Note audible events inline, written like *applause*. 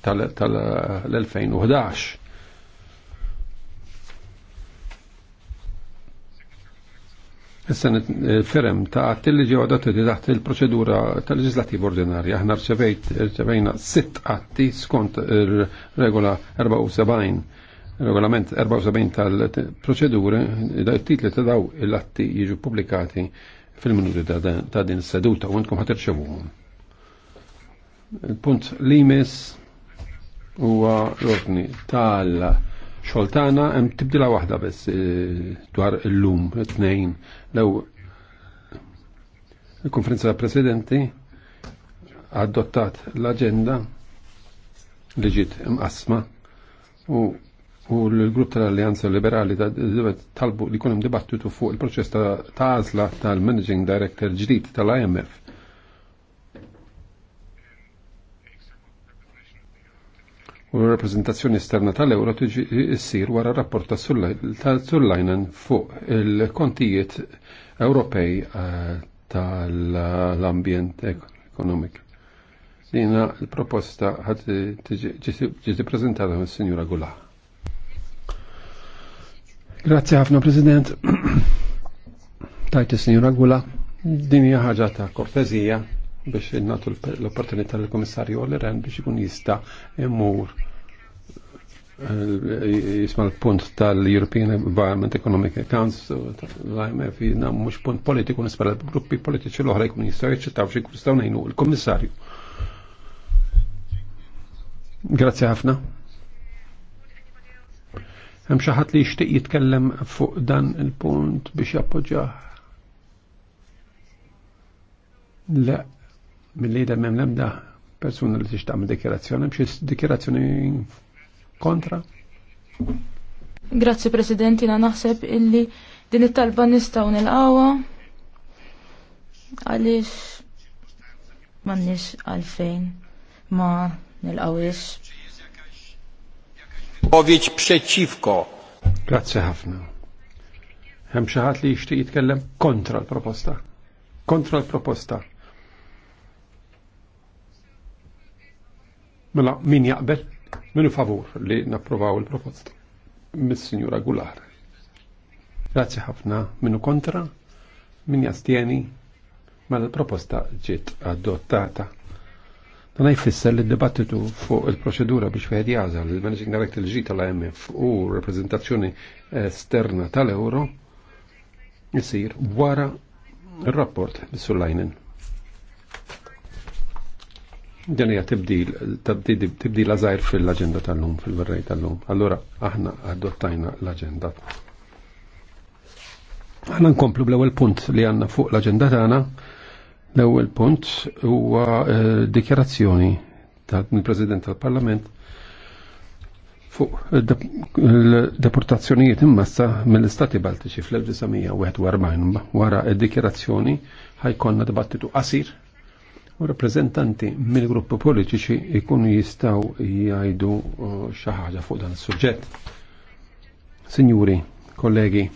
tal-2011. Issa eh, ferem ta' għattilli ġew adottati taħt il-proċedura tal-leġislativa ordinarja. Aħna rċevejt rċevejna sitt atti skont regola 74 regolament 74 tal-proċeduri titli ta' daw il atti jiġu pubblikati fil-minuti ta' din seduta u għandkom ħat Il-punt limis huwa l-ordni tal xoltana hemm tibdila waħda biss eh, dwar illum it-tnejn lew il-konferenza tal presidenti adottat l-agenda li ġiet imqasma u u l-grupp tal-Alleanza Liberali talbu li kunem dibattitu fuq il-proċess ta' għażla tal-Managing Director ġdid tal-IMF u rappresentazzjoni esterna tal-euro tiġi issir wara r-rapporta ta' Sullajnen fuq il-kontijiet Ewropej eh, tal-ambjent ekonomik. Dina l-proposta ħad ġiġi prezentata mis signora Gula. Grazie ħafna President. *clears throat* Tajt, signora Gula, din hija ħaġa ta' kortezija biex innatu l-opportunità l-Komissarju Olleran biex ikun jista imur eh, jisma l-punt tal-European Environment Economic Council l-IMF jina mux punt politiku nispera l-gruppi politiċi l ohra jkun jistaw jċittaw xie kustaw nejnu l-Komissarju. Grazie ħafna. Hemm xi ħadd li jixtieq jitkellem fuq dan il-punt biex jappoġġjah. Le mill-li demmem lebda persuna li tixtaq dikjerazzjoni, biex dikjerazzjoni kontra? Grazzi Presidenti, na naħseb illi din it-talba nistaw nil-qawa għalix mannix għalfejn ma nil-qawix. Powiedź przeciwko. Grazzi ħafna. Hemm xi ħadd li jixtieq jitkellem kontra l-proposta. Kontra l-proposta. Mela, min jaqbel? Minu favur li napprovaw il-proposta? mis Signora Gular. Grazie ħafna. Minu kontra? Min jastieni? Mela, l-proposta ġiet adottata. Dan jfisser li d-dibattitu fuq il-proċedura biex wieħed jażal il-Managing Director l-ġi tal amf u rappresentazzjoni esterna tal-Euro jisir wara il-rapport bis-Sullajnen. Dan hija tibdil, tibdil żgħir fil-aġenda tal-lum, fil-verrej tal-lum. Allora aħna adottajna l-aġenda. Aħna nkomplu bl-ewwel punt li għandna fuq l-aġenda tagħna. L-ewwel punt huwa eh, dikjarazzjoni tal-President tal-Parlament fuq eh, deportazzjonijiet immassa mill-Istati Baltiċi fl-1941 wara d eh, dikjarazzjoni ħajkonna dibattitu qasir u rappresentanti mill-gruppi politiċi ikunu jistaw jgħidu uh, xaħġa fuq dan is-suġġett. Signuri, kollegi,